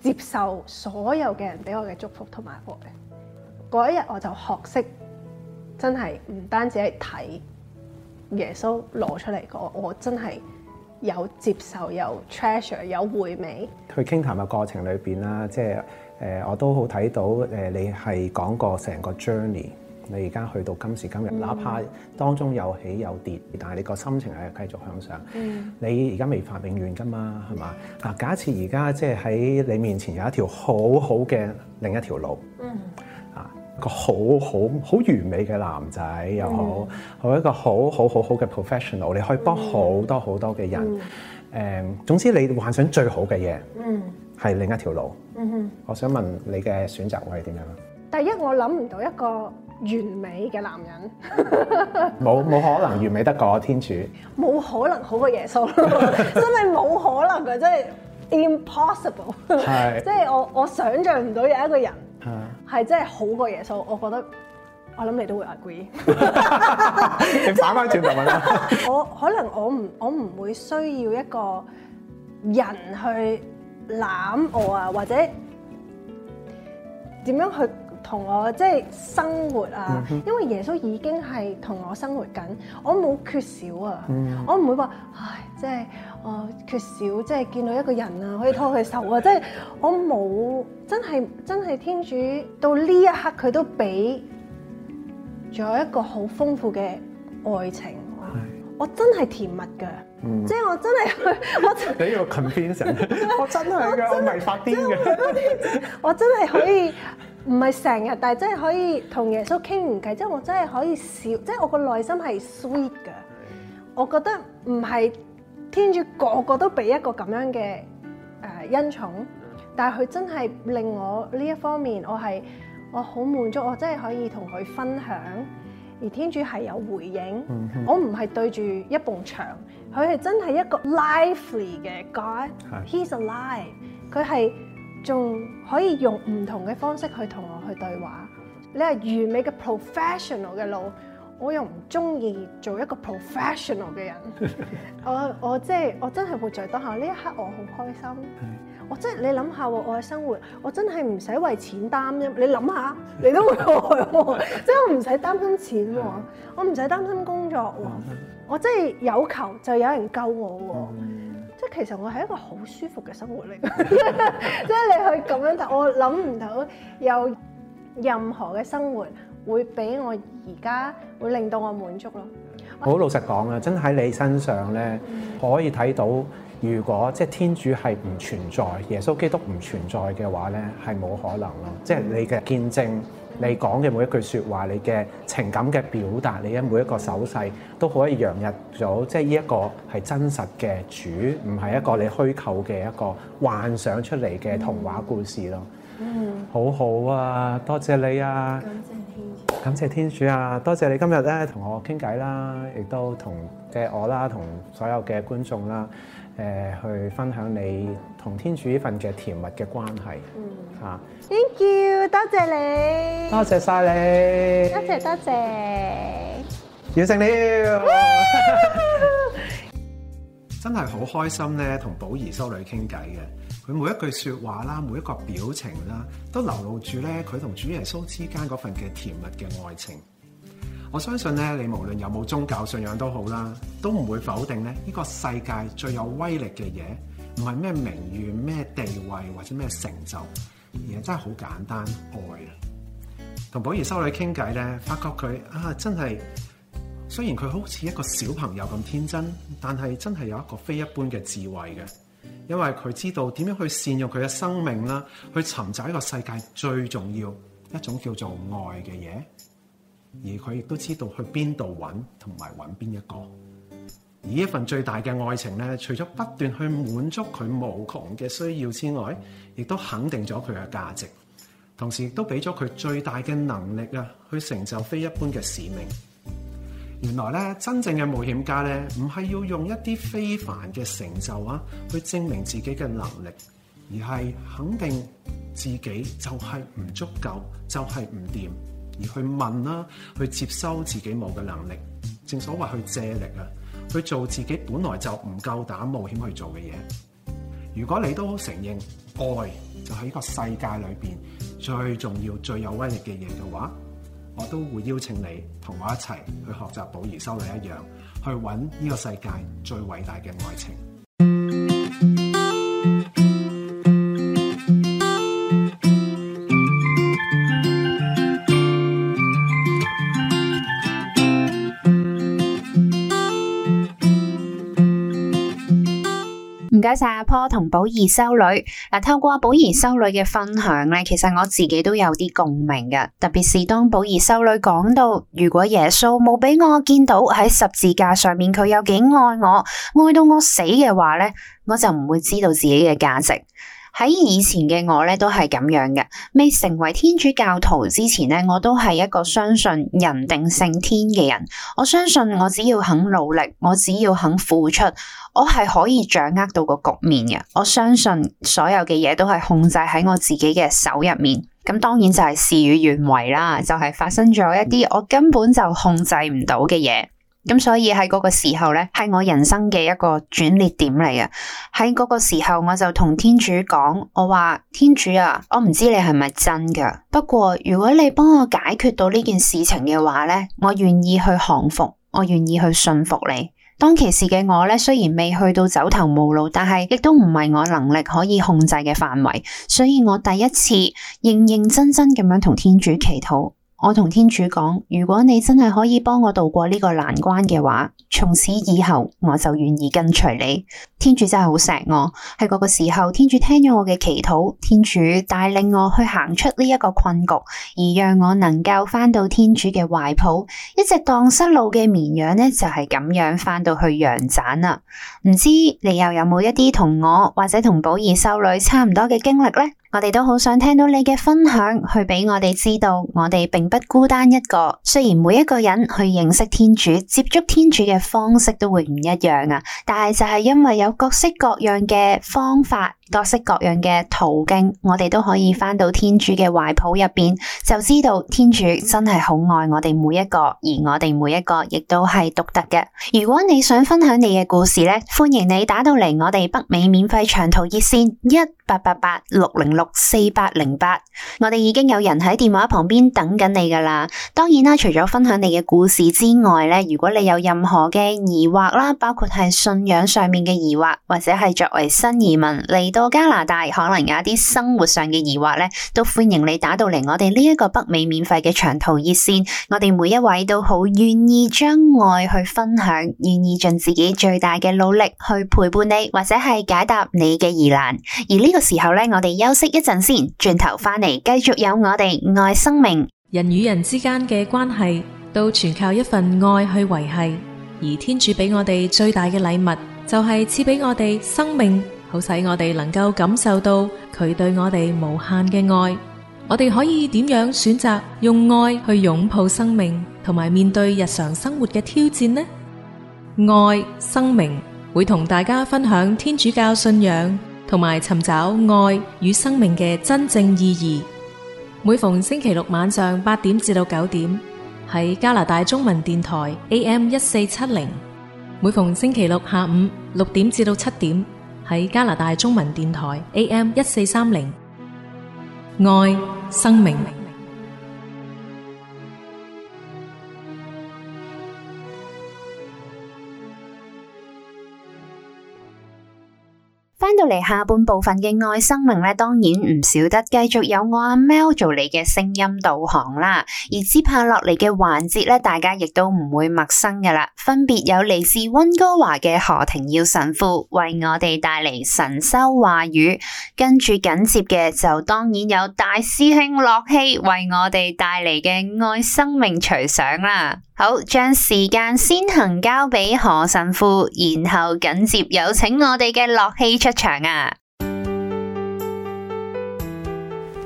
Speaker 3: 接受所有嘅人俾我嘅祝福同埋愛。嗰一日我就學識真係唔單止係睇耶穌攞出嚟，我我真係有接受有 treasure 有回味。
Speaker 1: 去傾談嘅過程裏邊啦，即係誒我都好睇到誒、呃、你係講過成個 journey。你而家去到今時今日，哪怕當中有起有跌，但係你個心情係繼續向上。嗯。你而家未發永遠㗎嘛，係嘛？嗱，假設而家即係喺你面前有一條好好嘅另一條路。嗯。啊，個好好好完美嘅男仔又好，好、嗯、一個好好好好嘅 professional，你可以幫好多好多嘅人。誒、嗯嗯，總之你幻想最好嘅嘢。嗯。係另一條路。嗯哼。嗯我想問你嘅選擇會係點樣？
Speaker 3: 第一，我諗唔到一個。完美嘅男人，
Speaker 1: 冇 冇可能完美得過天主？
Speaker 3: 冇 可能好過耶穌，真係冇可能嘅，真係 impossible。是 即係我我想像唔到有一個人係真係好過耶穌，我覺得我諗你都會 agree。
Speaker 1: 你反翻轉頭問 我，
Speaker 3: 我，我可能我唔我唔會需要一個人去攬我啊，或者點樣去？同我即係生活啊！因為耶穌已經係同我生活緊，我冇缺少啊！嗯、我唔會話唉，即係我缺少，即係見到一個人啊，可以拖佢手啊！即係我冇，真係真係天主到呢一刻佢都俾咗一個好豐富嘅愛情，啊嗯我我，我真係甜蜜噶，即係我真係，
Speaker 1: 我真係，我真係我唔係發癲嘅，
Speaker 3: 我真係可以。唔係成日，但係真係可以同耶穌傾唔偈，即係我真係可以笑，即係我個內心係 sweet 嘅。我覺得唔係天主個個都俾一個咁樣嘅誒、呃、恩寵，但係佢真係令我呢一方面，我係我好滿足，我真係可以同佢分享，而天主係有回應。Mm-hmm. 我唔係對住一埲牆，佢係真係一個 lively 嘅 God，He's alive，佢係。仲可以用唔同嘅方式去同我去對話。你係完美嘅 professional 嘅路，我又唔中意做一個 professional 嘅人， 我我即係我真係活在當下，呢一刻我好開心， 我真係你諗下我嘅生活，我真係唔使為錢擔憂，你諗下你都會愛我，即係我唔使擔心錢喎， 我唔使擔心工作喎， 我真係有求就有人救我喎。 其實我係一個好舒服嘅生活嚟，即係你去咁樣，但係我諗唔到有任何嘅生活會俾我而家會令到我滿足咯。
Speaker 1: 好老實講啊，真喺你身上咧，我可以睇到，如果即係天主係唔存在，耶穌基督唔存在嘅話咧，係冇可能咯。即係你嘅見證。你講嘅每一句説話，你嘅情感嘅表達，你嘅每一個手勢，都可以洋溢咗，即係呢一個係真實嘅主，唔係一個你虛構嘅一個幻想出嚟嘅童話故事咯。嗯，好好啊，多謝你啊，感謝天主，感謝天主啊，多謝你今日咧同我傾偈啦，亦都同嘅我啦，同所有嘅觀眾啦。誒、呃、去分享你同天主呢份嘅甜蜜嘅關係，
Speaker 3: 嚇、嗯。啊、Thank you，多謝你，
Speaker 1: 多謝晒你，多謝
Speaker 3: 多
Speaker 4: 謝。
Speaker 1: 完成了，真係好開心咧，同寶儀修女傾偈嘅，佢每一句説話啦，每一個表情啦，都流露住咧佢同主耶穌之間嗰份嘅甜蜜嘅愛情。我相信咧，你無論有冇宗教信仰都好啦，都唔會否定咧呢個世界最有威力嘅嘢，唔係咩名譽、咩地位或者咩成就，而係真係好簡單愛啊！同寶儀修女傾偈咧，發覺佢啊，真係雖然佢好似一個小朋友咁天真，但係真係有一個非一般嘅智慧嘅，因為佢知道點樣去善用佢嘅生命啦，去尋找一個世界最重要一種叫做愛嘅嘢。而佢亦都知道去邊度揾，同埋揾邊一個。而一份最大嘅愛情咧，除咗不斷去滿足佢無窮嘅需要之外，亦都肯定咗佢嘅價值，同時亦都俾咗佢最大嘅能力啊，去成就非一般嘅使命。原來咧，真正嘅冒險家咧，唔係要用一啲非凡嘅成就啊，去證明自己嘅能力，而係肯定自己就係唔足夠，就係唔掂。而去問啦，去接收自己冇嘅能力，正所謂去借力啊，去做自己本來就唔夠膽冒險去做嘅嘢。如果你都承認愛就係呢個世界裏邊最重要、最有威力嘅嘢嘅話，我都會邀請你同我一齊去學習保爾修女一樣，去揾呢個世界最偉大嘅愛情。
Speaker 2: 多謝阿坡同寶兒修女嗱。透過寶兒修女嘅分享咧，其實我自己都有啲共鳴嘅，特別是當寶兒修女講到，如果耶穌冇俾我見到喺十字架上面，佢有幾愛我，愛到我死嘅話呢，我就唔會知道自己嘅價值。喺以前嘅我呢都係咁樣嘅。未成為天主教徒之前呢，我都係一個相信人定勝天嘅人。我相信我只要肯努力，我只要肯付出，我係可以掌握到個局面嘅。我相信所有嘅嘢都係控制喺我自己嘅手入面。咁當然就係事與願違啦，就係、是、發生咗一啲我根本就控制唔到嘅嘢。咁所以喺嗰個時候呢，係我人生嘅一個轉捩點嚟嘅。喺嗰個時候我跟，我就同天主講，我話天主啊，我唔知道你係咪真㗎，不過如果你幫我解決到呢件事情嘅話呢，我願意去降服，我願意去信服你。當其時嘅我呢，雖然未去到走投無路，但係亦都唔係我能力可以控制嘅範圍，所以我第一次認認真真咁樣同天主祈禱。我同天主講，如果你真係可以幫我渡過呢個難關嘅話，從此以後我就願意跟隨你。天主真係好錫我，喺嗰個時候，天主聽咗我嘅祈禱，天主帶領我去行出呢一個困局，而讓我能夠返到天主嘅懷抱。一隻盪失路嘅綿羊呢，就係、是、咁樣返到去羊棧啦。唔知你又有冇一啲同我或者同寶兒修女差唔多嘅經歷呢？我哋都好想聽到你嘅分享，去畀我哋知道，我哋並不孤單一個。雖然每一個人去認識天主、接觸天主嘅方式都會唔一樣啊，但係就係因為有各式各樣嘅方法。各式各樣嘅途徑，我哋都可以翻到天主嘅懷抱入面，就知道天主真係好愛我哋每一個，而我哋每一個亦都係獨特嘅。如果你想分享你嘅故事呢，歡迎你打到嚟我哋北美免費長途熱線一八八八六零六四八零八，我哋已經有人喺電話旁邊等緊你㗎喇。當然啦，除咗分享你嘅故事之外呢，如果你有任何嘅疑惑啦，包括係信仰上面嘅疑惑，或者係作為新移民你到加拿大，可能有一啲生活上嘅疑惑咧，都歡迎你打到嚟我哋呢一個北美免費嘅長途熱線。我哋每一位都好願意將愛去分享，願意盡自己最大嘅努力去陪伴你，或者係解答你嘅疑難。而呢個時候咧，我哋休息一陣先，轉頭翻嚟繼續有我哋愛生命。人與人之間嘅關係，都全靠一份愛去維繫。而天主俾我哋最大嘅禮物，就係賜俾我
Speaker 3: 哋生命。好使我哋能夠感受到佢對我哋無限嘅愛。我哋可以點樣選擇用愛去擁抱生命，同埋面對日常生活嘅挑戰呢？愛生命會同大家分享天主教信仰，同埋尋找愛與生命嘅真正意義。每逢星期六晚上八點至到九點喺加拿大中文電台 A.M. 一四七零；每逢星期六下午六點至到七點。喺加拿大中文電台 AM 一四三零，愛生命。
Speaker 2: 翻到嚟下半部分嘅愛生命咧，當然唔少得繼續有我阿、啊、喵做你嘅聲音導航啦。而接下落嚟嘅環節咧，大家亦都唔會陌生噶啦，分別有嚟自溫哥華嘅何庭耀神父為我哋帶嚟神修話語，跟住緊接嘅就當然有大師兄駱曦為我哋帶嚟嘅愛生命隨想啦。好，將時間先行交俾何神父，然後緊接有請我哋嘅駱曦出場啊！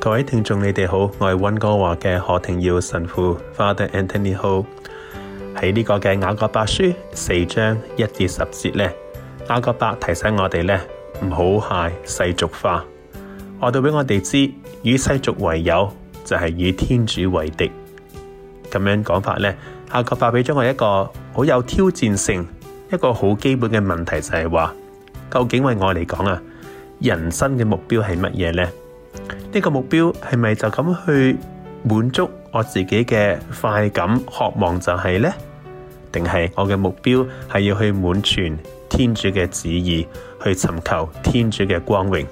Speaker 5: 各位聽眾，你哋好，我係温哥華嘅何庭耀神父 Father Anthony Ho 喺呢個嘅雅各伯書四章一至十節呢，雅各伯提醒我哋呢：唔好係世俗化，我哋俾我哋知，與世俗為友就係與天主為敵，咁樣講法呢。下個發俾咗我一個好有挑戰性，一個好基本嘅問題就係話，究竟為我嚟講啊，人生嘅目標係乜嘢呢？呢、呢個目標係咪就咁去滿足我自己嘅快感渴望就係呢？定係我嘅目標係要去滿全天主嘅旨意，去尋求天主嘅光榮？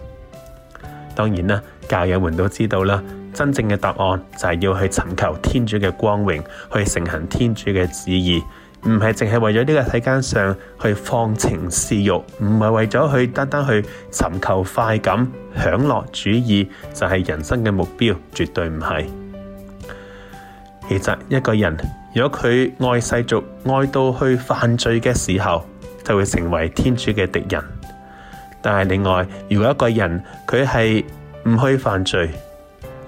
Speaker 5: 當然啦，教友們都知道啦。真正嘅答案就係要去尋求天主嘅光榮，去成行天主嘅旨意，唔係淨係為咗呢個世間上去放情肆慾，唔係為咗去單單去尋求快感享樂主義就係人生嘅目標，絕對唔係。其實一個人如果佢愛世俗愛到去犯罪嘅時候，就會成為天主嘅敵人。但係另外，如果一個人佢係唔去犯罪，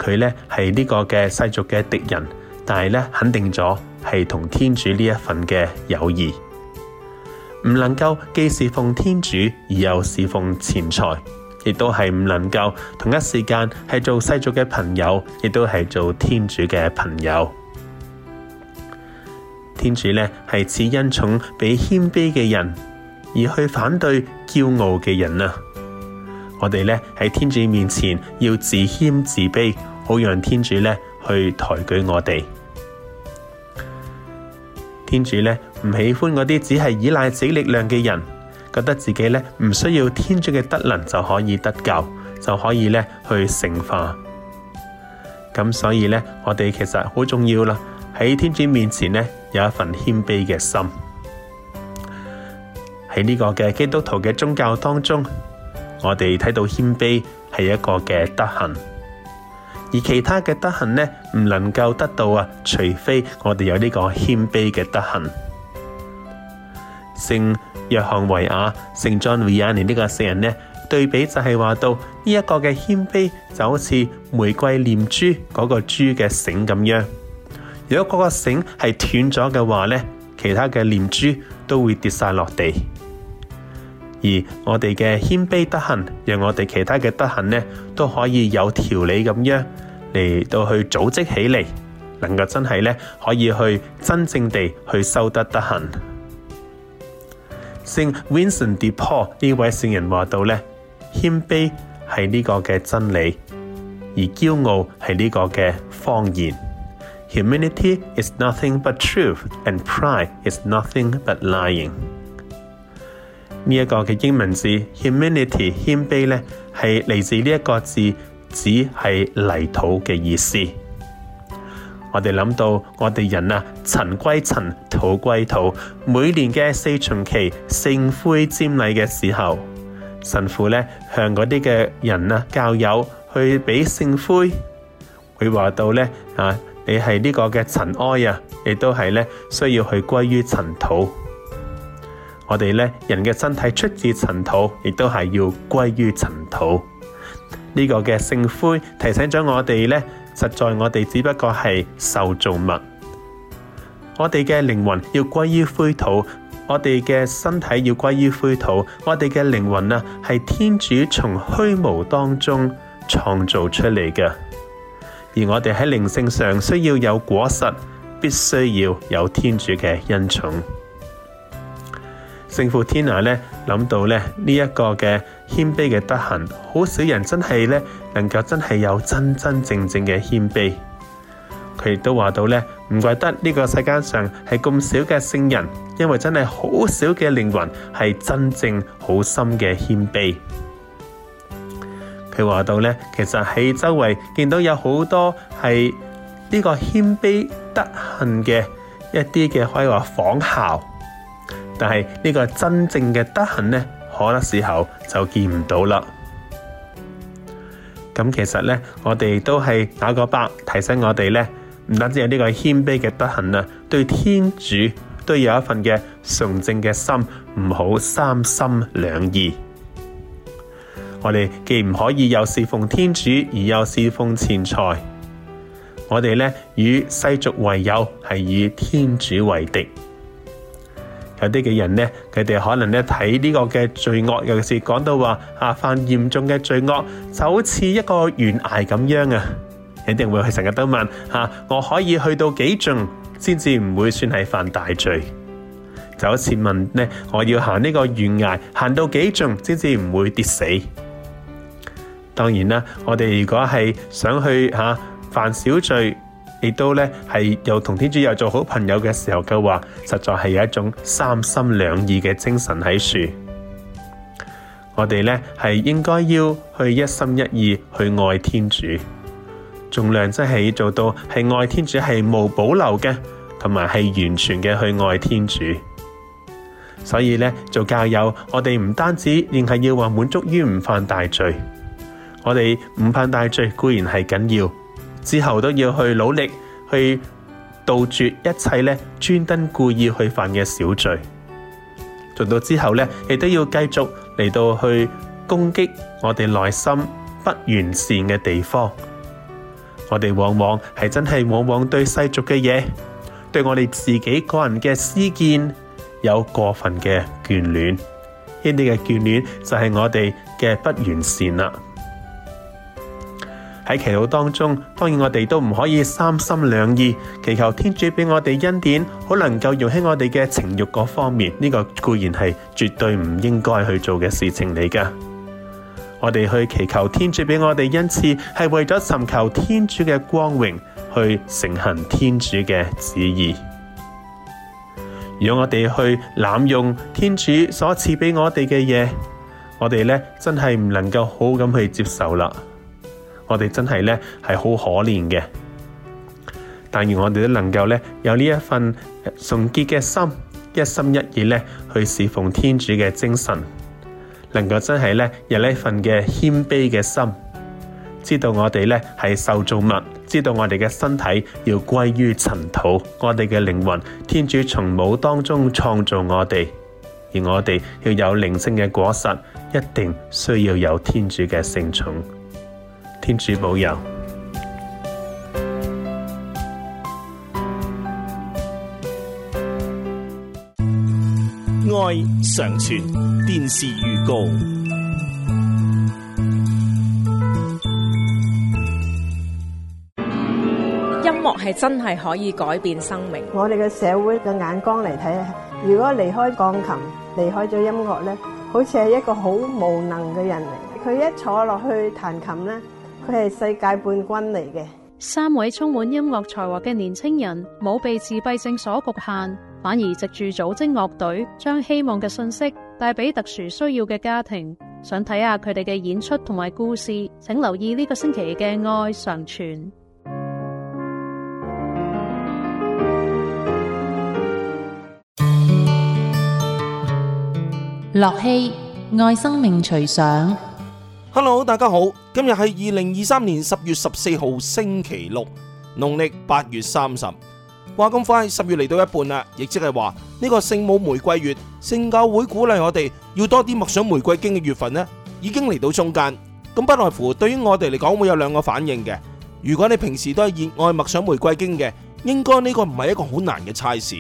Speaker 5: 佢咧係呢個嘅世俗嘅敵人，但係咧肯定咗係同天主呢一份嘅友誼，唔能夠既侍奉天主，而又侍奉錢財，亦都係唔能夠同一時間係做世俗嘅朋友，亦都係做天主嘅朋友。天主咧係賜恩寵俾謙卑嘅人，而去反對驕傲嘅人啊！我哋咧喺天主面前要自謙自卑。好讓天主咧去抬舉我哋。天主咧唔喜歡嗰啲只係依賴自己力量嘅人，覺得自己咧唔需要天主嘅德能就可以得救，就可以咧去成化。咁所以咧，我哋其實好重要啦。喺天主面前咧，有一份謙卑嘅心。喺呢個嘅基督徒嘅宗教當中，我哋睇到謙卑係一個嘅德行。而其他嘅德行咧，唔能夠得到啊，除非我哋有呢個謙卑嘅德行。聖約翰維亞、聖 John 尼呢個四人咧，對比就係話到呢一、這個嘅謙卑，就好似玫瑰念珠嗰個珠嘅繩咁樣。如果嗰個繩係斷咗嘅話咧，其他嘅念珠都會跌晒落地。而我哋嘅謙卑德行，讓我哋其他嘅德行呢都可以有條理咁樣嚟到去組織起嚟，能夠真係呢可以去真正地去修得德、德行。聖 Vincent de Paul 呢位聖人話到呢，謙卑係呢個嘅真理，而驕傲係呢個嘅謊言。Humility is nothing but truth, and pride is nothing but lying. 呢一個嘅英文字 humility 謙卑呢係嚟自呢一個字，指係泥土嘅意思。我哋諗到，我哋人啊，塵歸塵，土歸土。每年嘅四旬期聖灰瞻禮嘅時候，神父呢向嗰啲嘅人啊教友去俾聖灰，佢話到呢啊，你係呢個嘅塵埃啊，你都係呢需要去歸於塵土。我哋咧，人嘅身體出自塵土，亦都係要歸於塵土。呢個嘅聖灰提醒咗我哋咧，實在我哋只不過係受造物。我哋嘅靈魂要歸於灰土，我哋嘅身體要歸於灰土。我哋嘅靈魂啊，係天主從虛無當中創造出嚟嘅。而我哋喺靈性上需要有果實，必須要有天主嘅恩寵。聖父天啊咧諗到呢一個嘅謙卑嘅德行，好少人真係咧能夠真係有真真正正嘅謙卑。佢亦都話到呢，唔怪得呢個世界上係咁少嘅聖人，因為真係好少嘅靈魂係真正好深嘅謙卑。佢話到呢，其實喺周圍見到有好多係呢個謙卑德行嘅一啲嘅可以話仿效。但係呢個真正嘅德行呢，可能時候就見唔到啦。咁其實呢，我哋都係打個八提醒我哋呢，唔單止有呢個謙卑嘅德行啊，對天主都有一份嘅純正嘅心，唔好三心兩意。我哋既唔可以有侍奉天主，而又侍奉錢財。我哋呢，與世俗為友，係以天主為敵。有啲嘅人咧，佢哋可能咧睇呢個嘅罪惡，尤其是講到話吓、啊、犯嚴重嘅罪惡，就好似一個懸崖咁樣啊！一定會去，成日都問吓、啊，我可以去到幾盡先至唔會算係犯大罪？就好似問咧，我要行呢個懸崖行到幾盡先至唔會跌死？當然啦，我哋如果係想去吓、啊、犯小罪。亦都咧係又同天主又做好朋友嘅時候嘅話，實在係有一種三心兩意嘅精神喺樹。我哋咧係應該要去一心一意去愛天主，盡量即係要做到係愛天主係冇保留嘅，同埋係完全嘅去愛天主。所以咧做教友，我哋唔單止仍係要話滿足於唔犯大罪，我哋唔犯大罪固然係緊要。之後都要去努力去杜絕一切咧，專登故意去犯嘅小罪。做到之後咧，亦都要繼續嚟到去攻擊我哋內心不完善嘅地方。我哋往往係真係往往對世俗嘅嘢，對我哋自己個人嘅私見有過分嘅眷戀。呢啲嘅眷戀就係我哋嘅不完善啦。喺祈禱當中，當然我哋都唔可以三心兩意，祈求天主俾我哋恩典，好能夠容輕我哋嘅情欲嗰方面。呢、這個固然係絕對唔應該去做嘅事情嚟噶。我哋去祈求天主俾我哋恩賜，係為咗尋求天主嘅光榮，去成行天主嘅旨意。如果我哋去濫用天主所賜俾我哋嘅嘢，我哋咧真係唔能夠好咁去接受啦。我哋真係咧，係好可憐嘅。但願我哋都能夠咧，有呢一份崇潔嘅心，一心一意咧去侍奉天主嘅精神，能夠真係咧有呢一份嘅謙卑嘅心，知道我哋咧係受造物，知道我哋嘅身體要歸於塵土，我哋嘅靈魂，天主從冇當中創造我哋，而我哋要有靈性嘅果實，一定需要有天主嘅聖寵。天主保佑，
Speaker 6: 愛常存。電視預告，
Speaker 3: 音樂係真係可以改變生命。我哋嘅社會嘅眼光嚟睇，如果離開鋼琴，離開咗音樂咧，好似係一個好無能嘅人嚟。佢一坐落去彈琴咧。佢係世界冠軍嚟嘅，三位充滿音樂才華嘅年輕人，冇被自閉症所局限，反而藉住組織樂隊，將希望嘅信息帶俾特殊需要嘅家庭。想睇下佢哋嘅演出同埋故事，請留意呢個星期嘅《愛常傳》。
Speaker 2: 駱曦愛生命隨
Speaker 3: 想。
Speaker 6: Hello，大家好，今日係二零二三年十月十四號星期六，農曆八月三十。話咁快，十月嚟到一半啦，亦即係話呢個聖母玫瑰月，聖教會鼓勵我哋要多啲默想玫瑰經嘅月份呢，已經嚟到中間。咁不外乎對於我哋嚟講，會有兩個反應嘅。如果你平時都係熱愛默想玫瑰經嘅，應該呢個唔係一個好難嘅差事。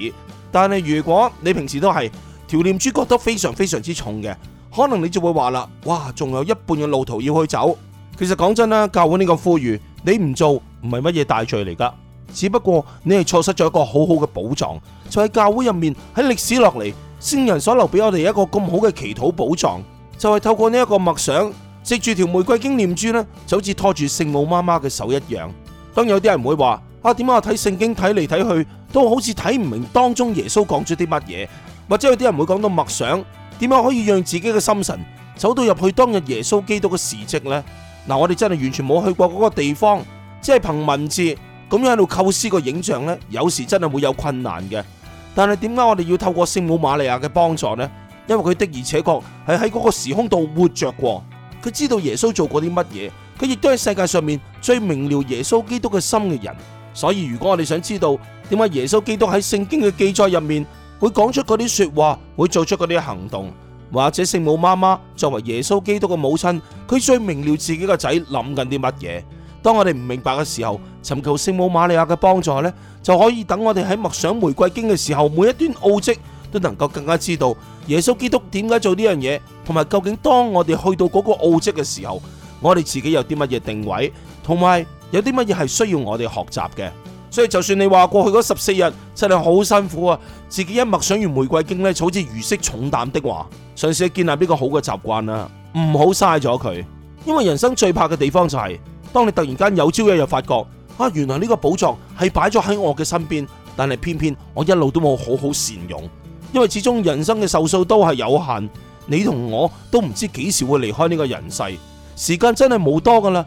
Speaker 6: 但係如果你平時都係條念珠，覺得非常非常之重嘅。可能你就會話啦，哇，仲有一半嘅路途要去走。其實講真啦，教會呢個呼籲，你唔做唔係乜嘢大罪嚟噶，只不過你係錯失咗一個好好嘅寶藏，就喺教會入面，喺歷史落嚟，聖人所留俾我哋一個咁好嘅祈禱寶藏，就係透過呢一個默想，食住條玫瑰經念珠呢，就好似拖住聖母媽媽嘅手一樣。當有啲人會話啊，點解睇聖經睇嚟睇去，都好似睇唔明當中耶穌講咗啲乜嘢，或者有啲人會講到默想。點樣可以讓自己嘅心神走到入去當日耶穌基督嘅時跡呢？嗱、嗯，我哋真係完全冇去過嗰個地方，即係憑文字咁樣喺度構思個影像呢，有時真係會有困難嘅。但係點解我哋要透過聖母瑪利亞嘅幫助呢？因為佢的而且確係喺嗰個時空度活着過，佢知道耶穌做過啲乜嘢，佢亦都係世界上面最明了耶穌基督嘅心嘅人。所以如果我哋想知道點解耶穌基督喺聖經嘅記載入面，會講出嗰啲說話，會做出嗰啲行動。或者聖母媽媽作為耶穌基督嘅母親，佢最明了自己個仔諗緊啲乜嘢。當我哋唔明白嘅時候，尋求聖母瑪利亞嘅幫助呢，就可以等我哋喺默想玫瑰經嘅時候，每一段奧跡都能夠更加知道耶穌基督點解做呢樣嘢，同埋究竟當我哋去到嗰個奧跡嘅時候，我哋自己有啲乜嘢定位，同埋有啲乜嘢係需要我哋學習嘅。所以就算你話過去嗰十四日真係好辛苦啊，自己一默想完玫瑰經呢，就好似如釋重擔的話，嘗試去建立呢個好嘅習慣啊。唔好嘥咗佢，因為人生最怕嘅地方就係，當你突然間有朝一日發覺，啊原來呢個寶藏係擺咗喺我嘅身邊，但係偏偏我一路都冇好好善用，因為始終人生嘅壽數都係有限，你同我都唔知幾時會離開呢個人世，時間真係冇多噶啦。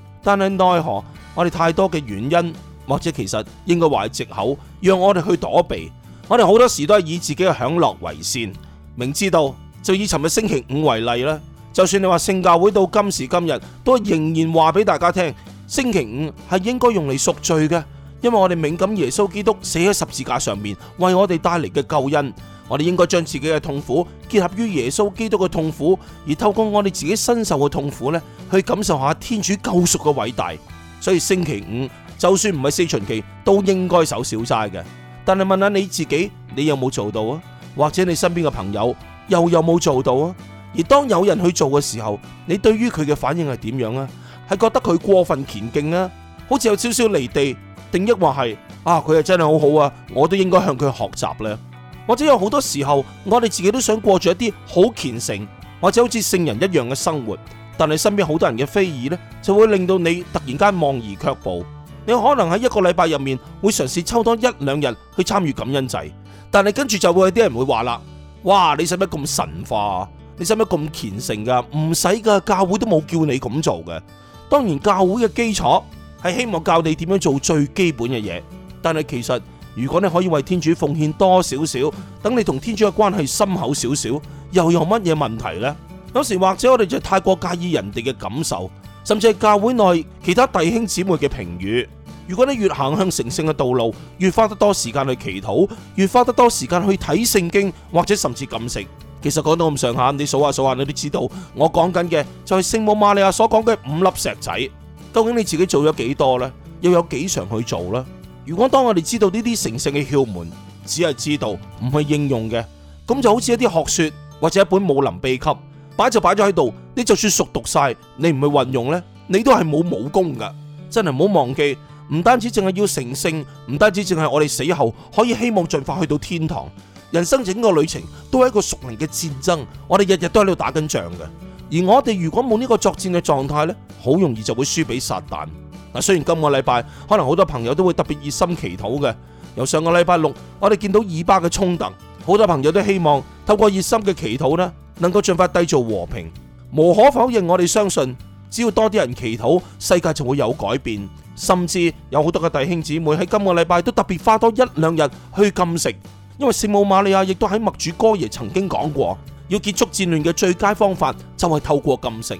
Speaker 6: 但係奈何我哋太多嘅原因，或者其實應該話係藉口，讓我哋去躲避。我哋好多時都係以自己嘅享樂為先，明知道，就以尋日星期五為例啦。就算你話聖教會到今時今日，都仍然話俾大家聽，星期五係應該用嚟贖罪嘅，因為我哋敏感耶穌基督死喺十字架上面，為我哋帶嚟嘅救恩。我哋應該將自己嘅痛苦結合於耶穌基督嘅痛苦，而透過我哋自己身受嘅痛苦咧，去感受下天主救贖嘅偉大。所以星期五就算唔係四旬期，都應該守小齋嘅。但係問下你自己，你有冇做到啊？或者你身邊嘅朋友又有冇做到啊？而當有人去做嘅時候，你對於佢嘅反應係點樣啊？係覺得佢過分虔敬啊？好似有少少離地，定抑或係啊佢係真係好好啊？我都應該向佢學習咧。或者有好多時候，我哋自己都想過住一啲好虔誠，或者好似聖人一樣嘅生活，但係身邊好多人嘅非議呢，就會令到你突然間望而卻步。你可能喺一個禮拜入面會嘗試抽多一兩日去參與感恩祭，但係跟住就會有啲人會話啦，哇，你使唔使咁神化？你使唔使咁虔誠噶？唔使噶，教會都冇叫你咁做嘅。當然，教會嘅基礎係希望教你點樣做最基本嘅嘢，但係其實。如果你可以為天主奉獻多少少，等你同天主嘅關係深厚少少，又有乜嘢問題呢？有時或者我哋就太過介意人哋嘅感受，甚至係教會內其他弟兄姊妹嘅評語。如果你越行向成聖嘅道路，越花得多時間去祈禱，越花得多時間去睇聖經，或者甚至禁食。其實講到咁上下，你數下數下，你都知道我講緊嘅就係聖母瑪利亞所講嘅五粒石仔。究竟你自己做咗幾多呢？又有幾常去做呢？如果當我哋知道呢啲成聖嘅竅門，只係知道唔去應用嘅，咁就好似一啲學說或者一本武林秘笈，擺就擺咗喺度，你就算熟讀晒，你唔去運用呢，你都係冇武功噶。真係唔好忘記，唔單止淨係要成聖，唔單止淨係我哋死後可以希望盡快去到天堂，人生整個旅程都係一個熟練嘅戰爭，我哋日日都喺度打緊仗嘅。而我哋如果冇呢個作戰嘅狀態呢，好容易就會輸俾撒旦。嗱，雖然今個禮拜可能好多朋友都會特別熱心祈禱嘅，由上個禮拜六我哋見到以巴嘅衝突，好多朋友都希望透過熱心嘅祈禱呢，能夠盡快締造和平。無可否認，我哋相信，只要多啲人祈禱，世界就會有改變。甚至有好多嘅弟兄姊妹喺今個禮拜都特別花多一兩日去禁食，因為聖母瑪利亞亦都喺默主哥耶曾經講過，要結束戰亂嘅最佳方法就係透過禁食。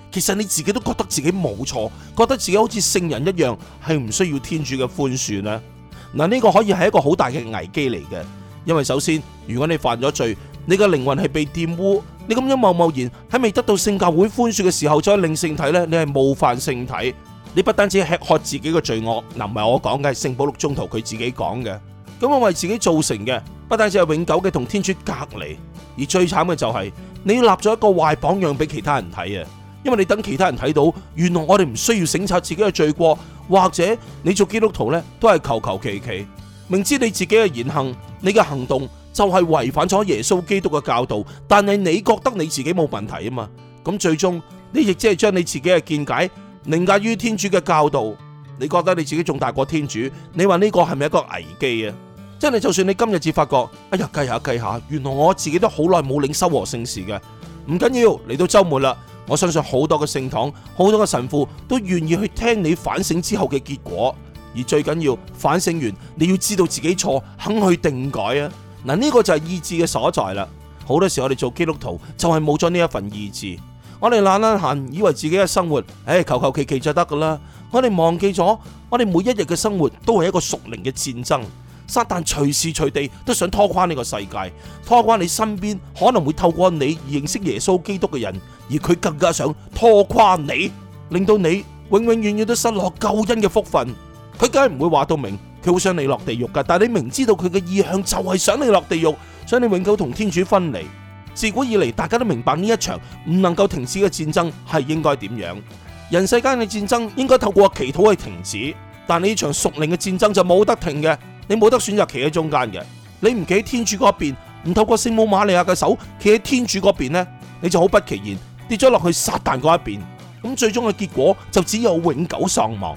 Speaker 6: 其實你自己都覺得自己冇錯，覺得自己好似聖人一樣，係唔需要天主嘅寬恕咧。嗱，呢個可以係一個好大嘅危機嚟嘅。因為首先，如果你犯咗罪，你嘅靈魂係被玷污，你咁樣貿貿然喺未得到聖教會寬恕嘅時候再令聖體咧，你係冒犯聖體。你不單止吃喝自己嘅罪惡，嗱，唔係我講嘅，係聖保祿宗徒佢自己講嘅。咁我為自己造成嘅，不單止係永久嘅同天主隔離，而最慘嘅就係、是、你要立咗一個壞榜樣俾其他人睇啊！因為你等其他人睇到，原來我哋唔需要省察自己嘅罪過，或者你做基督徒呢都係求求其其，明知你自己嘅言行，你嘅行動就係違反咗耶穌基督嘅教導，但係你覺得你自己冇問題啊嘛？咁最終你亦即係將你自己嘅見解凌駕於天主嘅教導，你覺得你自己仲大過天主？你話呢個係咪一個危機啊？真係就算你今日至發覺，哎呀計下計下，原來我自己都好耐冇領修和聖事嘅，唔緊要，嚟到周末啦。我相信好多嘅聖堂，好多嘅神父都願意去聽你反省之後嘅結果。而最緊要反省完，你要知道自己錯，肯去定改啊！嗱，呢個就係意志嘅所在啦。好多時我哋做基督徒就係冇咗呢一份意志，我哋懶懶閒，以為自己嘅生活，誒，求求其其就得㗎喇。我哋忘記咗，我哋每一日嘅生活都係一個屬靈嘅戰爭。撒旦隨時隨地都想拖垮呢個世界，拖垮你身邊可能會透過你而認識耶穌基督嘅人，而佢更加想拖垮你，令到你永永遠遠都失落救恩嘅福分。佢梗係唔會話到明，佢好想你落地獄㗎。但係你明知道佢嘅意向就係想你落地獄，想你永久同天主分離。自古以嚟，大家都明白呢一場唔能夠停止嘅戰爭係應該點樣？人世間嘅戰爭應該透過祈禱去停止，但呢場屬靈嘅戰爭就冇得停嘅。你冇得選擇企喺中間嘅，你唔企喺天主嗰邊，唔透過聖母瑪利亞嘅手企喺天主嗰邊呢，你就好不其然跌咗落去撒旦嗰一邊，咁最終嘅結果就只有永久喪亡，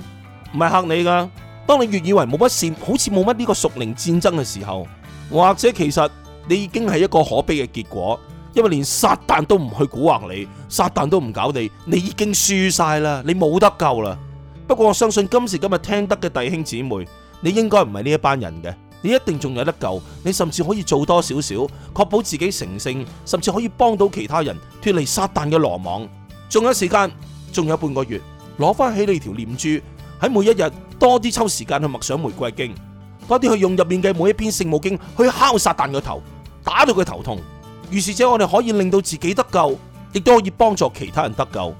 Speaker 6: 唔係吓你噶。當你越以為冇乜事，好似冇乜呢個屬靈戰爭嘅時候，或者其實你已經係一個可悲嘅結果，因為連撒旦都唔去蠱惑你，撒旦都唔搞你，你已經輸晒啦，你冇得救啦。不過我相信今時今日聽得嘅弟兄姊妹。你應該唔係呢一班人嘅，你一定仲有得救，你甚至可以做多少少，確保自己成聖，甚至可以幫到其他人脫離撒旦嘅羅網。仲有時間，仲有半個月，攞翻起你條念珠，喺每一日多啲抽時間去默想玫瑰經，多啲去用入面嘅每一篇聖母經去敲撒旦個頭，打到佢頭痛。於是者，我哋可以令到自己得救，亦都可以幫助其他人得救。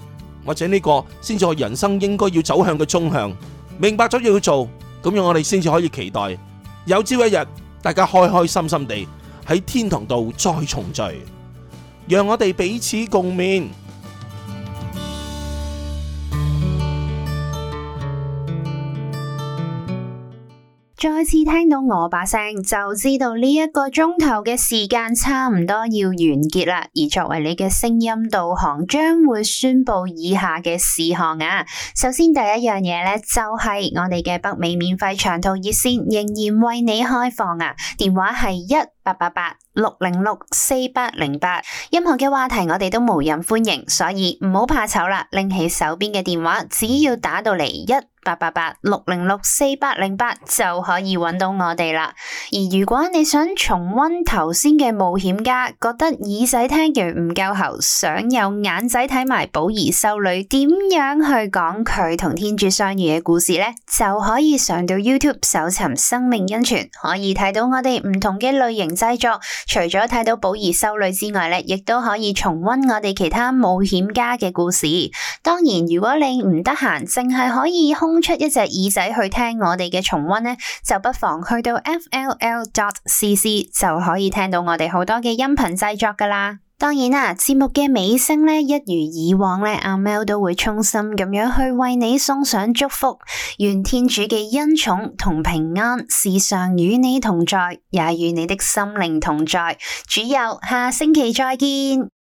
Speaker 6: 或者呢個先至係人生應該要走向嘅終向，明白咗要去做。咁樣我哋先至可以期待，有朝一日，大家開開心心地喺天堂度再重聚，讓我哋彼此共勉。
Speaker 2: 再次聽到我把聲，就知道呢一個鐘頭嘅時間差唔多要完結啦。而作為你嘅聲音導航，將會宣布以下嘅事項啊。首先第一樣嘢呢，就係我哋嘅北美免費長途熱線仍然為你開放啊。電話係一八八八六零六四八零八。任何嘅話題我哋都無任歡迎，所以唔好怕醜啦。拎起手邊嘅電話，只要打到嚟一。八八八六零六四八零八就可以揾到我哋啦。而如果你想重温頭先嘅冒險家，覺得耳仔聽完唔夠喉，想有眼仔睇埋保兒修女點樣去講佢同天主相遇嘅故事呢？就可以上到 YouTube 搜尋生命恩泉，可以睇到我哋唔同嘅類型製作。除咗睇到保兒修女之外呢，亦都可以重温我哋其他冒險家嘅故事。當然，如果你唔得閒，淨係可以空。掹出一隻耳仔去聽我哋嘅重溫呢，就不妨去到 fll dot cc 就可以聽到我哋好多嘅音頻製作噶啦。當然啦，節目嘅尾聲呢，一如以往呢，阿喵都會衷心咁樣去為你送上祝福，願天主嘅恩寵同平安時常與你同在，也與你的心靈同在。主佑，下星期再見。